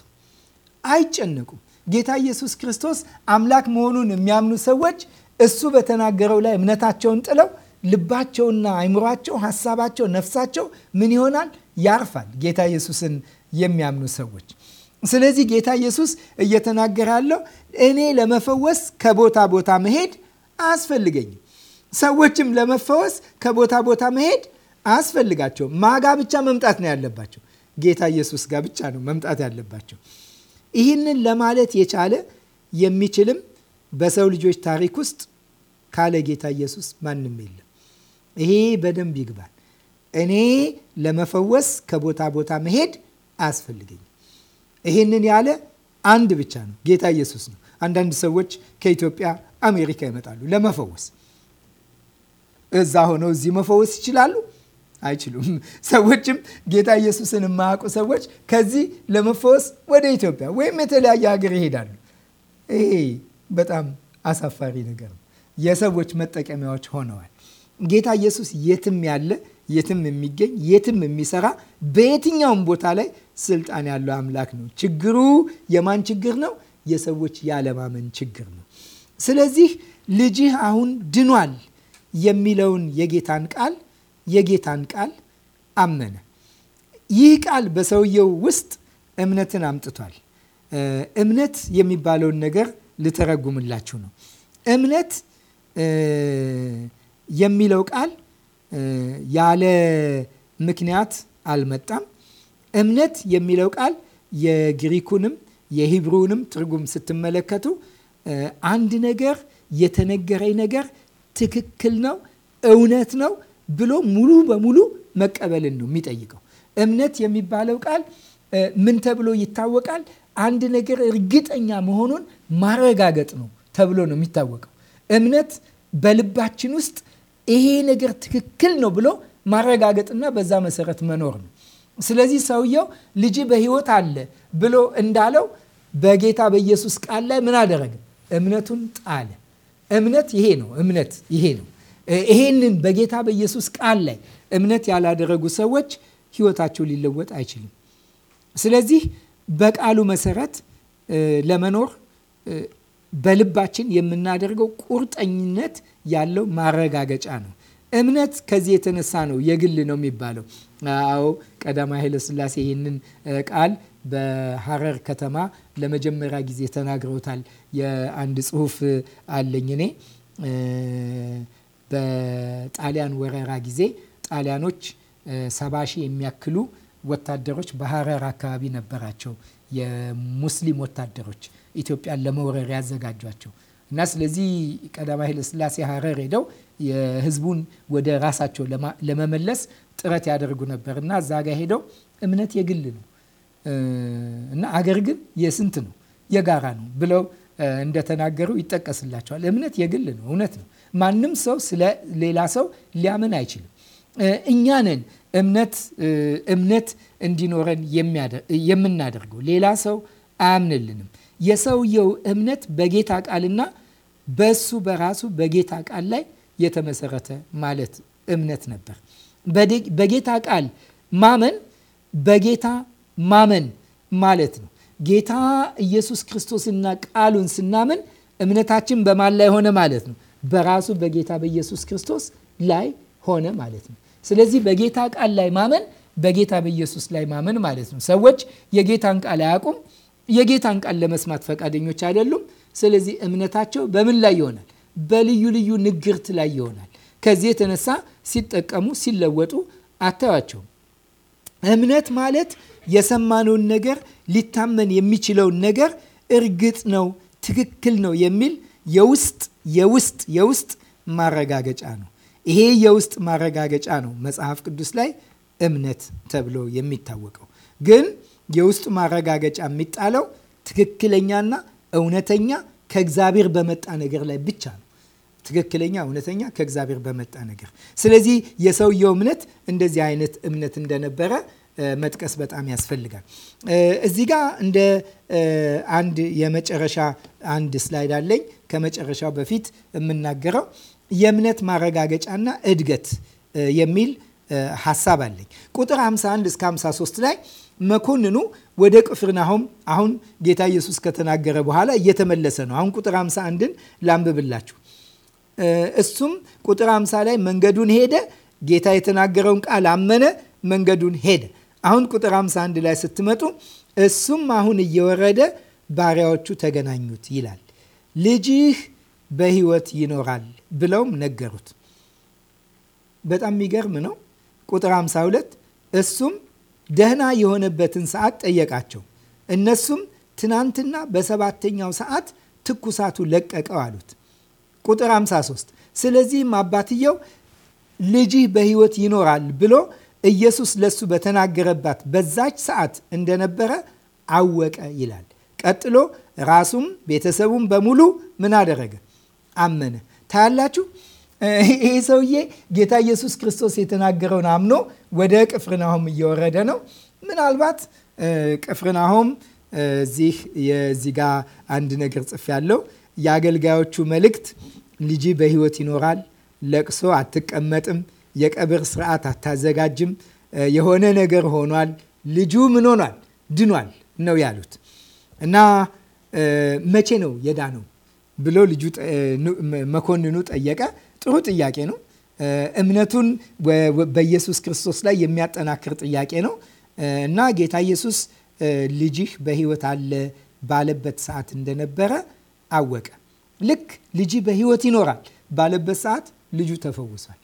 [SPEAKER 1] አይጨነቁም። ጌታ ኢየሱስ ክርስቶስ አምላክ መሆኑን የሚያምኑ ሰዎች እሱ በተናገረው ላይ እምነታቸውን ጥለው ልባቸውና አይምሯቸው፣ ሀሳባቸው፣ ነፍሳቸው ምን ይሆናል? ያርፋል። ጌታ ኢየሱስን የሚያምኑ ሰዎች ስለዚህ ጌታ ኢየሱስ እየተናገረ ያለው እኔ ለመፈወስ ከቦታ ቦታ መሄድ አያስፈልገኝም። ሰዎችም ለመፈወስ ከቦታ ቦታ መሄድ አያስፈልጋቸውም። ማጋ ብቻ መምጣት ነው ያለባቸው። ጌታ ኢየሱስ ጋር ብቻ ነው መምጣት ያለባቸው። ይህንን ለማለት የቻለ የሚችልም በሰው ልጆች ታሪክ ውስጥ ካለ ጌታ ኢየሱስ ማንም የለም። ይሄ በደንብ ይግባል። እኔ ለመፈወስ ከቦታ ቦታ መሄድ አያስፈልገኝም። ይሄንን ያለ አንድ ብቻ ነው፣ ጌታ ኢየሱስ ነው። አንዳንድ ሰዎች ከኢትዮጵያ አሜሪካ ይመጣሉ ለመፈወስ። እዛ ሆነው እዚህ መፈወስ ይችላሉ? አይችሉም። ሰዎችም ጌታ ኢየሱስን የማያውቁ ሰዎች ከዚህ ለመፈወስ ወደ ኢትዮጵያ ወይም የተለያየ ሀገር ይሄዳሉ። ይሄ በጣም አሳፋሪ ነገር ነው። የሰዎች መጠቀሚያዎች ሆነዋል። ጌታ ኢየሱስ የትም ያለ የትም የሚገኝ የትም የሚሰራ በየትኛውም ቦታ ላይ ስልጣን ያለው አምላክ ነው። ችግሩ የማን ችግር ነው? የሰዎች ያለማመን ችግር ነው። ስለዚህ ልጅህ አሁን ድኗል የሚለውን የጌታን ቃል የጌታን ቃል አመነ። ይህ ቃል በሰውየው ውስጥ እምነትን አምጥቷል። እምነት የሚባለውን ነገር ልተረጉምላችሁ ነው። እምነት የሚለው ቃል ያለ ምክንያት አልመጣም። እምነት የሚለው ቃል የግሪኩንም የሂብሩንም ትርጉም ስትመለከቱ አንድ ነገር የተነገረኝ ነገር ትክክል ነው፣ እውነት ነው ብሎ ሙሉ በሙሉ መቀበልን ነው የሚጠይቀው። እምነት የሚባለው ቃል ምን ተብሎ ይታወቃል? አንድ ነገር እርግጠኛ መሆኑን ማረጋገጥ ነው ተብሎ ነው የሚታወቀው። እምነት በልባችን ውስጥ ይሄ ነገር ትክክል ነው ብሎ ማረጋገጥና በዛ መሰረት መኖር ነው። ስለዚህ ሰውየው ልጅ በህይወት አለ ብሎ እንዳለው በጌታ በኢየሱስ ቃል ላይ ምን አደረገ? እምነቱን ጣለ። እምነት ይሄ ነው። እምነት ይሄ ነው። ይሄንን በጌታ በኢየሱስ ቃል ላይ እምነት ያላደረጉ ሰዎች ህይወታቸው ሊለወጥ አይችልም። ስለዚህ በቃሉ መሰረት ለመኖር በልባችን የምናደርገው ቁርጠኝነት ያለው ማረጋገጫ ነው። እምነት ከዚህ የተነሳ ነው የግል ነው የሚባለው። አዎ ቀዳማዊ ኃይለሥላሴ ይህንን ቃል በሐረር ከተማ ለመጀመሪያ ጊዜ ተናግረውታል። የአንድ ጽሁፍ አለኝ እኔ በጣሊያን ወረራ ጊዜ ጣሊያኖች ሰባ ሺህ የሚያክሉ ወታደሮች በሐረር አካባቢ ነበራቸው። የሙስሊም ወታደሮች ኢትዮጵያን ለመውረር ያዘጋጇቸው እና ስለዚህ ቀዳማዊ ኃይለ ሥላሴ ሀረር ሄደው የህዝቡን ወደ ራሳቸው ለመመለስ ጥረት ያደርጉ ነበር እና እዛ ጋር ሄደው እምነት የግል ነው እና አገር ግን የስንት ነው የጋራ ነው ብለው እንደተናገሩ ይጠቀስላቸዋል። እምነት የግል ነው፣ እውነት ነው። ማንም ሰው ስለ ሌላ ሰው ሊያምን አይችልም። እኛ ነን እምነት እምነት እንዲኖረን የምናደርገው ሌላ ሰው አያምንልንም። የሰውየው እምነት በጌታ ቃልና በሱ በራሱ በጌታ ቃል ላይ የተመሰረተ ማለት እምነት ነበር። በጌታ ቃል ማመን በጌታ ማመን ማለት ነው። ጌታ ኢየሱስ ክርስቶስና ቃሉን ስናምን እምነታችን በማን ላይ ሆነ ማለት ነው? በራሱ በጌታ በኢየሱስ ክርስቶስ ላይ ሆነ ማለት ነው። ስለዚህ በጌታ ቃል ላይ ማመን በጌታ በኢየሱስ ላይ ማመን ማለት ነው። ሰዎች የጌታን ቃል አያውቁም። የጌታን ቃል ለመስማት ፈቃደኞች አይደሉም። ስለዚህ እምነታቸው በምን ላይ ይሆናል? በልዩ ልዩ ንግርት ላይ ይሆናል። ከዚህ የተነሳ ሲጠቀሙ ሲለወጡ አታያቸውም። እምነት ማለት የሰማነውን ነገር ሊታመን የሚችለውን ነገር እርግጥ ነው፣ ትክክል ነው የሚል የውስጥ የውስጥ የውስጥ ማረጋገጫ ነው። ይሄ የውስጥ ማረጋገጫ ነው መጽሐፍ ቅዱስ ላይ እምነት ተብሎ የሚታወቀው። ግን የውስጡ ማረጋገጫ የሚጣለው ትክክለኛና እውነተኛ ከእግዚአብሔር በመጣ ነገር ላይ ብቻ ነው። ትክክለኛ እውነተኛ ከእግዚአብሔር በመጣ ነገር። ስለዚህ የሰውየው እምነት እንደዚህ አይነት እምነት እንደነበረ መጥቀስ በጣም ያስፈልጋል። እዚህ ጋ እንደ አንድ የመጨረሻ አንድ ስላይድ አለኝ። ከመጨረሻው በፊት የምናገረው የእምነት ማረጋገጫና እድገት የሚል ሀሳብ አለኝ። ቁጥር 51 እስከ 53 ላይ መኮንኑ ወደ ቅፍርናሆም አሁን ጌታ ኢየሱስ ከተናገረ በኋላ እየተመለሰ ነው። አሁን ቁጥር 51ን ላንብብላችሁ። እሱም ቁጥር 50 ላይ መንገዱን ሄደ፣ ጌታ የተናገረውን ቃል አመነ፣ መንገዱን ሄደ። አሁን ቁጥር 51 ላይ ስትመጡ እሱም አሁን እየወረደ ባሪያዎቹ ተገናኙት ይላል። ልጅህ በሕይወት ይኖራል ብለውም ነገሩት። በጣም የሚገርም ነው። ቁጥር 52 እሱም ደህና የሆነበትን ሰዓት ጠየቃቸው። እነሱም ትናንትና በሰባተኛው ሰዓት ትኩሳቱ ለቀቀው አሉት። ቁጥር 53 ስለዚህም አባትየው ልጅህ በሕይወት ይኖራል ብሎ ኢየሱስ ለሱ በተናገረባት በዛች ሰዓት እንደነበረ አወቀ ይላል። ቀጥሎ ራሱም ቤተሰቡም በሙሉ ምን አደረገ? አመነ። ታያላችሁ፣ ይሄ ሰውዬ ጌታ ኢየሱስ ክርስቶስ የተናገረውን አምኖ ወደ ቅፍርናሆም እየወረደ ነው። ምናልባት ቅፍርናሆም እዚህ የዚህ ጋ አንድ ነገር ጽፍ ያለው የአገልጋዮቹ መልእክት ልጅ በህይወት ይኖራል፣ ለቅሶ አትቀመጥም፣ የቀብር ስርዓት አታዘጋጅም፣ የሆነ ነገር ሆኗል፣ ልጁ ምን ሆኗል ድኗል ነው ያሉት እና መቼ ነው የዳነው ብሎ ልጁ መኮንኑ ጠየቀ። ጥሩ ጥያቄ ነው። እምነቱን በኢየሱስ ክርስቶስ ላይ የሚያጠናክር ጥያቄ ነው እና ጌታ ኢየሱስ ልጅህ በህይወት አለ ባለበት ሰዓት እንደነበረ አወቀ። ልክ ልጅህ በህይወት ይኖራል ባለበት ሰዓት ልጁ ተፈውሷል።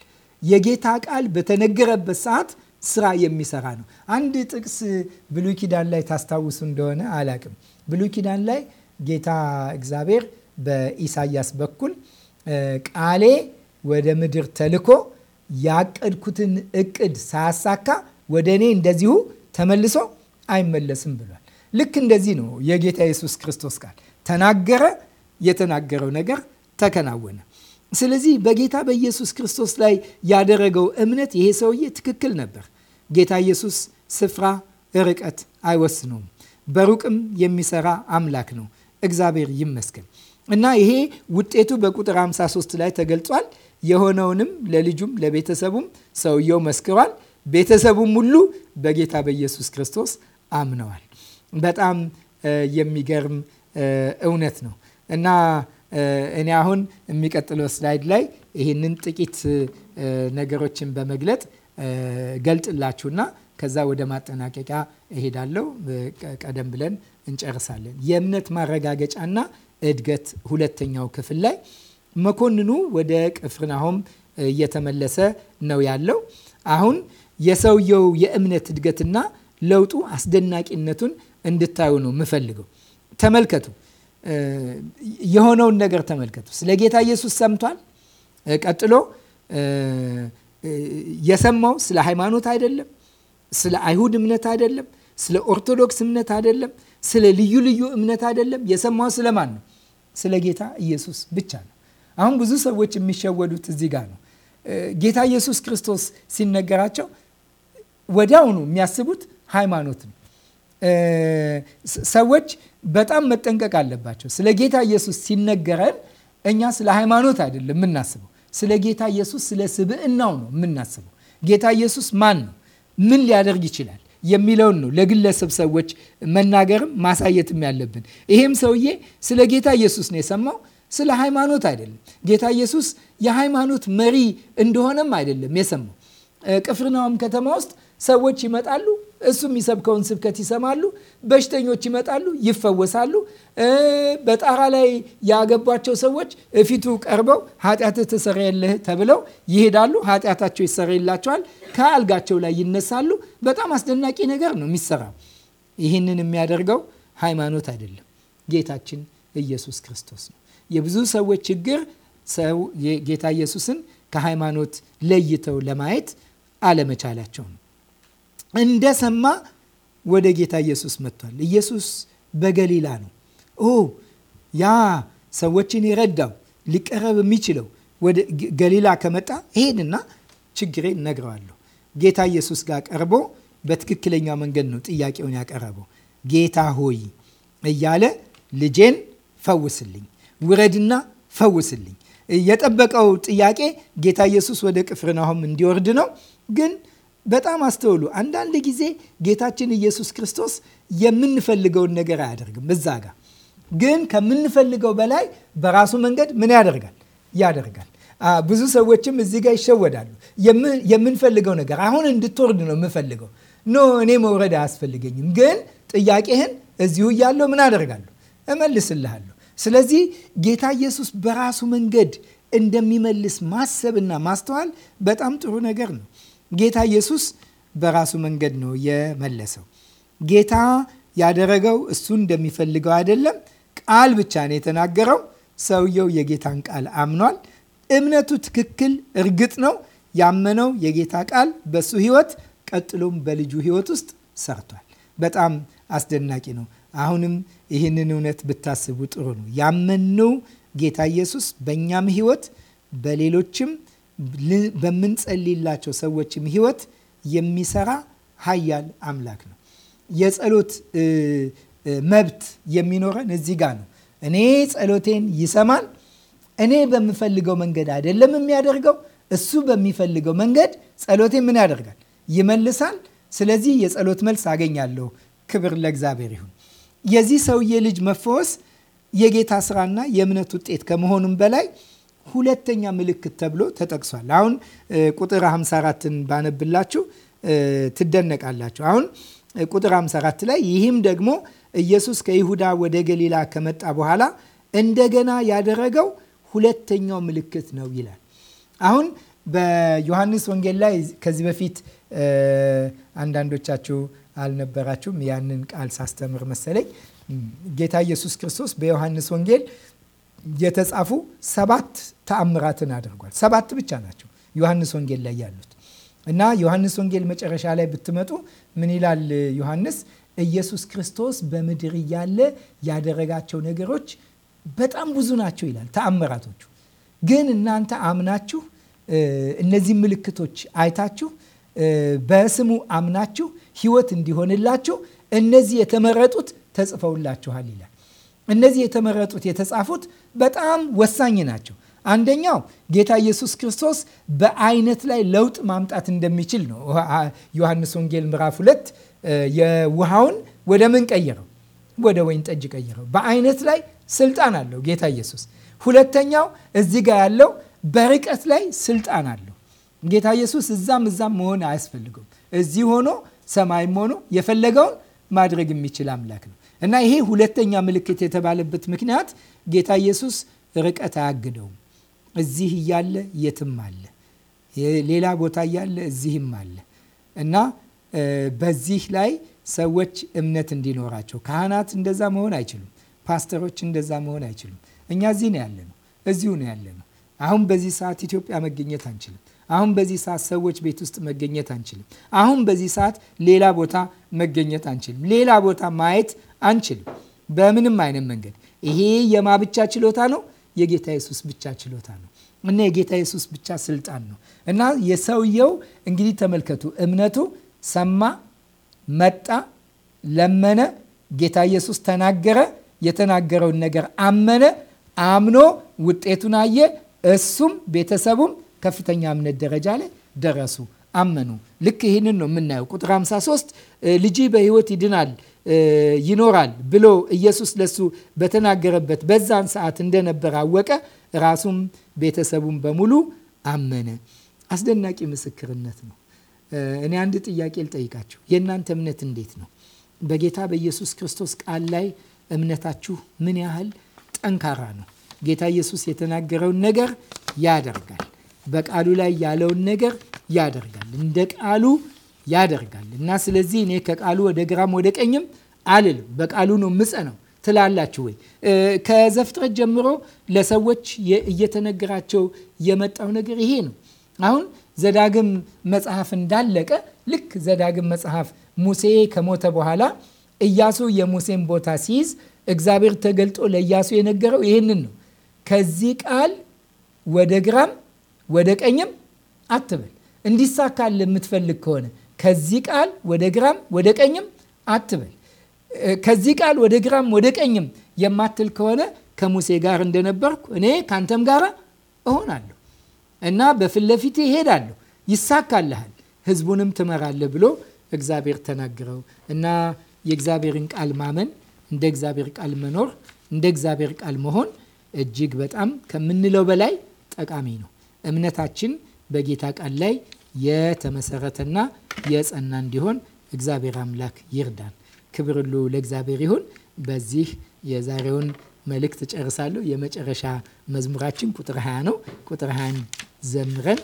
[SPEAKER 1] የጌታ ቃል በተነገረበት ሰዓት ስራ የሚሰራ ነው። አንድ ጥቅስ ብሉይ ኪዳን ላይ ታስታውሱ እንደሆነ አላቅም። ብሉይ ኪዳን ላይ ጌታ እግዚአብሔር በኢሳያስ በኩል ቃሌ ወደ ምድር ተልኮ ያቀድኩትን እቅድ ሳያሳካ ወደ እኔ እንደዚሁ ተመልሶ አይመለስም ብሏል። ልክ እንደዚህ ነው የጌታ ኢየሱስ ክርስቶስ ቃል። ተናገረ፣ የተናገረው ነገር ተከናወነ። ስለዚህ በጌታ በኢየሱስ ክርስቶስ ላይ ያደረገው እምነት ይሄ ሰውዬ ትክክል ነበር። ጌታ ኢየሱስ ስፍራ፣ ርቀት አይወስኑም፣ በሩቅም የሚሰራ አምላክ ነው። እግዚአብሔር ይመስገን እና ይሄ ውጤቱ በቁጥር 53 ላይ ተገልጿል። የሆነውንም ለልጁም ለቤተሰቡም ሰውየው መስክሯል። ቤተሰቡም ሁሉ በጌታ በኢየሱስ ክርስቶስ አምነዋል። በጣም የሚገርም እውነት ነው እና እኔ አሁን የሚቀጥለው ስላይድ ላይ ይህንን ጥቂት ነገሮችን በመግለጥ ገልጥላችሁና ከዛ ወደ ማጠናቀቂያ እሄዳለሁ። ቀደም ብለን እንጨርሳለን። የእምነት ማረጋገጫና እድገት ሁለተኛው ክፍል ላይ መኮንኑ ወደ ቅፍርናሆም እየተመለሰ ነው ያለው። አሁን የሰውየው የእምነት እድገትና ለውጡ አስደናቂነቱን እንድታዩ ነው የምፈልገው። ተመልከቱ፣ የሆነውን ነገር ተመልከቱ። ስለ ጌታ ኢየሱስ ሰምቷል። ቀጥሎ የሰማው ስለ ሃይማኖት አይደለም፣ ስለ አይሁድ እምነት አይደለም፣ ስለ ኦርቶዶክስ እምነት አይደለም፣ ስለ ልዩ ልዩ እምነት አይደለም። የሰማው ስለማን ነው? ስለ ጌታ ኢየሱስ ብቻ ነው። አሁን ብዙ ሰዎች የሚሸወዱት እዚህ ጋር ነው። ጌታ ኢየሱስ ክርስቶስ ሲነገራቸው ወዲያውኑ የሚያስቡት ሃይማኖት ነው። ሰዎች በጣም መጠንቀቅ አለባቸው። ስለ ጌታ ኢየሱስ ሲነገረን እኛ ስለ ሃይማኖት አይደለም የምናስበው፣ ስለ ጌታ ኢየሱስ ስለ ስብዕናው ነው የምናስበው። ጌታ ኢየሱስ ማን ነው? ምን ሊያደርግ ይችላል የሚለውን ነው ለግለሰብ ሰዎች መናገርም ማሳየትም ያለብን። ይሄም ሰውዬ ስለ ጌታ ኢየሱስ ነው የሰማው ስለ ሃይማኖት አይደለም። ጌታ ኢየሱስ የሃይማኖት መሪ እንደሆነም አይደለም የሰማው። ቅፍርናውም ከተማ ውስጥ ሰዎች ይመጣሉ፣ እሱ የሚሰብከውን ስብከት ይሰማሉ። በሽተኞች ይመጣሉ፣ ይፈወሳሉ። በጣራ ላይ ያገቧቸው ሰዎች እፊቱ ቀርበው ኃጢአትህ ተሰረየልህ ተብለው ይሄዳሉ። ኃጢአታቸው ይሰረይላቸዋል፣ ከአልጋቸው ላይ ይነሳሉ። በጣም አስደናቂ ነገር ነው የሚሰራው። ይህንን የሚያደርገው ሃይማኖት አይደለም፣ ጌታችን ኢየሱስ ክርስቶስ ነው። የብዙ ሰዎች ችግር ሰው ጌታ ኢየሱስን ከሃይማኖት ለይተው ለማየት አለመቻላቸው ነው። እንደሰማ ወደ ጌታ ኢየሱስ መጥቷል። ኢየሱስ በገሊላ ነው። ኦ ያ ሰዎችን የረዳው ሊቀረብ የሚችለው ወደ ገሊላ ከመጣ ይሄንና ችግሬ ነግረዋለሁ። ጌታ ኢየሱስ ጋር ቀርቦ በትክክለኛ መንገድ ነው ጥያቄውን ያቀረበው። ጌታ ሆይ እያለ ልጄን ፈውስልኝ ውረድና ፈውስልኝ። የጠበቀው ጥያቄ ጌታ ኢየሱስ ወደ ቅፍርናሆም እንዲወርድ ነው። ግን በጣም አስተውሉ። አንዳንድ ጊዜ ጌታችን ኢየሱስ ክርስቶስ የምንፈልገውን ነገር አያደርግም። እዛ ጋር ግን ከምንፈልገው በላይ በራሱ መንገድ ምን ያደርጋል ያደርጋል። ብዙ ሰዎችም እዚህ ጋር ይሸወዳሉ። የምንፈልገው ነገር አሁን እንድትወርድ ነው የምፈልገው። ኖ እኔ መውረድ አያስፈልገኝም፣ ግን ጥያቄህን እዚሁ እያለሁ ምን አደርጋለሁ እመልስልሃለሁ ስለዚህ ጌታ ኢየሱስ በራሱ መንገድ እንደሚመልስ ማሰብና ማስተዋል በጣም ጥሩ ነገር ነው። ጌታ ኢየሱስ በራሱ መንገድ ነው የመለሰው። ጌታ ያደረገው እሱ እንደሚፈልገው አይደለም። ቃል ብቻ ነው የተናገረው። ሰውየው የጌታን ቃል አምኗል። እምነቱ ትክክል እርግጥ ነው። ያመነው የጌታ ቃል በሱ ህይወት ቀጥሎም በልጁ ህይወት ውስጥ ሰርቷል። በጣም አስደናቂ ነው። አሁንም ይህንን እውነት ብታስቡ ጥሩ ነው። ያመነው ጌታ ኢየሱስ በእኛም ህይወት በሌሎችም በምንጸልላቸው ሰዎችም ህይወት የሚሰራ ኃያል አምላክ ነው። የጸሎት መብት የሚኖረን እዚህ ጋር ነው። እኔ ጸሎቴን ይሰማል። እኔ በምፈልገው መንገድ አይደለም የሚያደርገው፣ እሱ በሚፈልገው መንገድ ጸሎቴን ምን ያደርጋል? ይመልሳል። ስለዚህ የጸሎት መልስ አገኛለሁ። ክብር ለእግዚአብሔር ይሁን። የዚህ ሰውዬ ልጅ መፈወስ የጌታ ስራና የእምነት ውጤት ከመሆኑም በላይ ሁለተኛ ምልክት ተብሎ ተጠቅሷል። አሁን ቁጥር 54ን ባነብላችሁ ትደነቃላችሁ። አሁን ቁጥር 54 ላይ ይህም ደግሞ ኢየሱስ ከይሁዳ ወደ ገሊላ ከመጣ በኋላ እንደገና ያደረገው ሁለተኛው ምልክት ነው ይላል። አሁን በዮሐንስ ወንጌል ላይ ከዚህ በፊት አንዳንዶቻችሁ አልነበራችሁም። ያንን ቃል ሳስተምር መሰለኝ ጌታ ኢየሱስ ክርስቶስ በዮሐንስ ወንጌል የተጻፉ ሰባት ተአምራትን አድርጓል። ሰባት ብቻ ናቸው ዮሐንስ ወንጌል ላይ ያሉት እና ዮሐንስ ወንጌል መጨረሻ ላይ ብትመጡ ምን ይላል ዮሐንስ? ኢየሱስ ክርስቶስ በምድር እያለ ያደረጋቸው ነገሮች በጣም ብዙ ናቸው ይላል። ተአምራቶቹ ግን እናንተ አምናችሁ እነዚህ ምልክቶች አይታችሁ በስሙ አምናችሁ ሕይወት እንዲሆንላችሁ እነዚህ የተመረጡት ተጽፈውላችኋል ይላል። እነዚህ የተመረጡት የተጻፉት በጣም ወሳኝ ናቸው። አንደኛው ጌታ ኢየሱስ ክርስቶስ በአይነት ላይ ለውጥ ማምጣት እንደሚችል ነው። ዮሐንስ ወንጌል ምዕራፍ ሁለት የውሃውን ወደ ምን ቀየረው? ወደ ወይን ጠጅ ቀየረው። በአይነት ላይ ስልጣን አለው ጌታ ኢየሱስ። ሁለተኛው እዚህ ጋር ያለው በርቀት ላይ ስልጣን አለው። ጌታ ኢየሱስ እዛም እዛም መሆን አያስፈልገውም። እዚህ ሆኖ ሰማይም ሆኖ የፈለገውን ማድረግ የሚችል አምላክ ነው እና ይሄ ሁለተኛ ምልክት የተባለበት ምክንያት ጌታ ኢየሱስ ርቀት አያግደውም። እዚህ እያለ የትም አለ፣ ሌላ ቦታ እያለ እዚህም አለ እና በዚህ ላይ ሰዎች እምነት እንዲኖራቸው ካህናት እንደዛ መሆን አይችሉም። ፓስተሮች እንደዛ መሆን አይችሉም። እኛ እዚህ ነው ያለ ነው፣ እዚሁ ነው ያለ ነው። አሁን በዚህ ሰዓት ኢትዮጵያ መገኘት አንችልም። አሁን በዚህ ሰዓት ሰዎች ቤት ውስጥ መገኘት አንችልም። አሁን በዚህ ሰዓት ሌላ ቦታ መገኘት አንችልም። ሌላ ቦታ ማየት አንችልም። በምንም አይነት መንገድ ይሄ የማ ብቻ ችሎታ ነው? የጌታ ኢየሱስ ብቻ ችሎታ ነው እና የጌታ ኢየሱስ ብቻ ስልጣን ነው እና የሰውየው እንግዲህ ተመልከቱ፣ እምነቱ ሰማ፣ መጣ፣ ለመነ፣ ጌታ ኢየሱስ ተናገረ፣ የተናገረውን ነገር አመነ። አምኖ ውጤቱን አየ። እሱም ቤተሰቡም ከፍተኛ እምነት ደረጃ ላይ ደረሱ፣ አመኑ። ልክ ይህንን ነው የምናየው። ቁጥር 53 ልጅ በህይወት ይድናል ይኖራል ብሎ ኢየሱስ ለሱ በተናገረበት በዛን ሰዓት እንደነበረ አወቀ። ራሱም ቤተሰቡም በሙሉ አመነ። አስደናቂ ምስክርነት ነው። እኔ አንድ ጥያቄ ልጠይቃችሁ። የእናንተ እምነት እንዴት ነው? በጌታ በኢየሱስ ክርስቶስ ቃል ላይ እምነታችሁ ምን ያህል ጠንካራ ነው? ጌታ ኢየሱስ የተናገረውን ነገር ያደርጋል። በቃሉ ላይ ያለውን ነገር ያደርጋል፣ እንደ ቃሉ ያደርጋል እና ስለዚህ እኔ ከቃሉ ወደ ግራም ወደ ቀኝም አልልም፣ በቃሉ ነው ምጸነው ትላላችሁ ወይ? ከዘፍጥረት ጀምሮ ለሰዎች እየተነገራቸው የመጣው ነገር ይሄ ነው። አሁን ዘዳግም መጽሐፍ እንዳለቀ ልክ ዘዳግም መጽሐፍ ሙሴ ከሞተ በኋላ እያሱ የሙሴን ቦታ ሲይዝ እግዚአብሔር ተገልጦ ለእያሱ የነገረው ይህንን ነው። ከዚህ ቃል ወደ ግራም ወደ ቀኝም አትበል። እንዲሳካል የምትፈልግ ከሆነ ከዚህ ቃል ወደ ግራም ወደ ቀኝም አትበል። ከዚህ ቃል ወደ ግራም ወደ ቀኝም የማትል ከሆነ ከሙሴ ጋር እንደነበርኩ እኔ ካንተም ጋር እሆናለሁ እና በፊት ለፊት ይሄዳለሁ፣ ይሳካልሃል፣ ህዝቡንም ትመራለህ ብሎ እግዚአብሔር ተናግረው እና የእግዚአብሔርን ቃል ማመን እንደ እግዚአብሔር ቃል መኖር እንደ እግዚአብሔር ቃል መሆን እጅግ በጣም ከምንለው በላይ ጠቃሚ ነው። እምነታችን በጌታ ቃል ላይ የተመሰረተና የጸና እንዲሆን እግዚአብሔር አምላክ ይርዳን። ክብር ሁሉ ለእግዚአብሔር ይሁን። በዚህ የዛሬውን መልእክት ጨርሳለሁ። የመጨረሻ መዝሙራችን ቁጥር 20 ነው። ቁጥር 20ን ዘምረን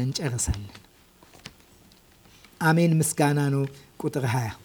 [SPEAKER 1] እንጨርሳለን። አሜን ምስጋና ነው። ቁጥር 20 ዘምረን እንጨርሳለን አሜን ምስጋና ነው ቁጥር 20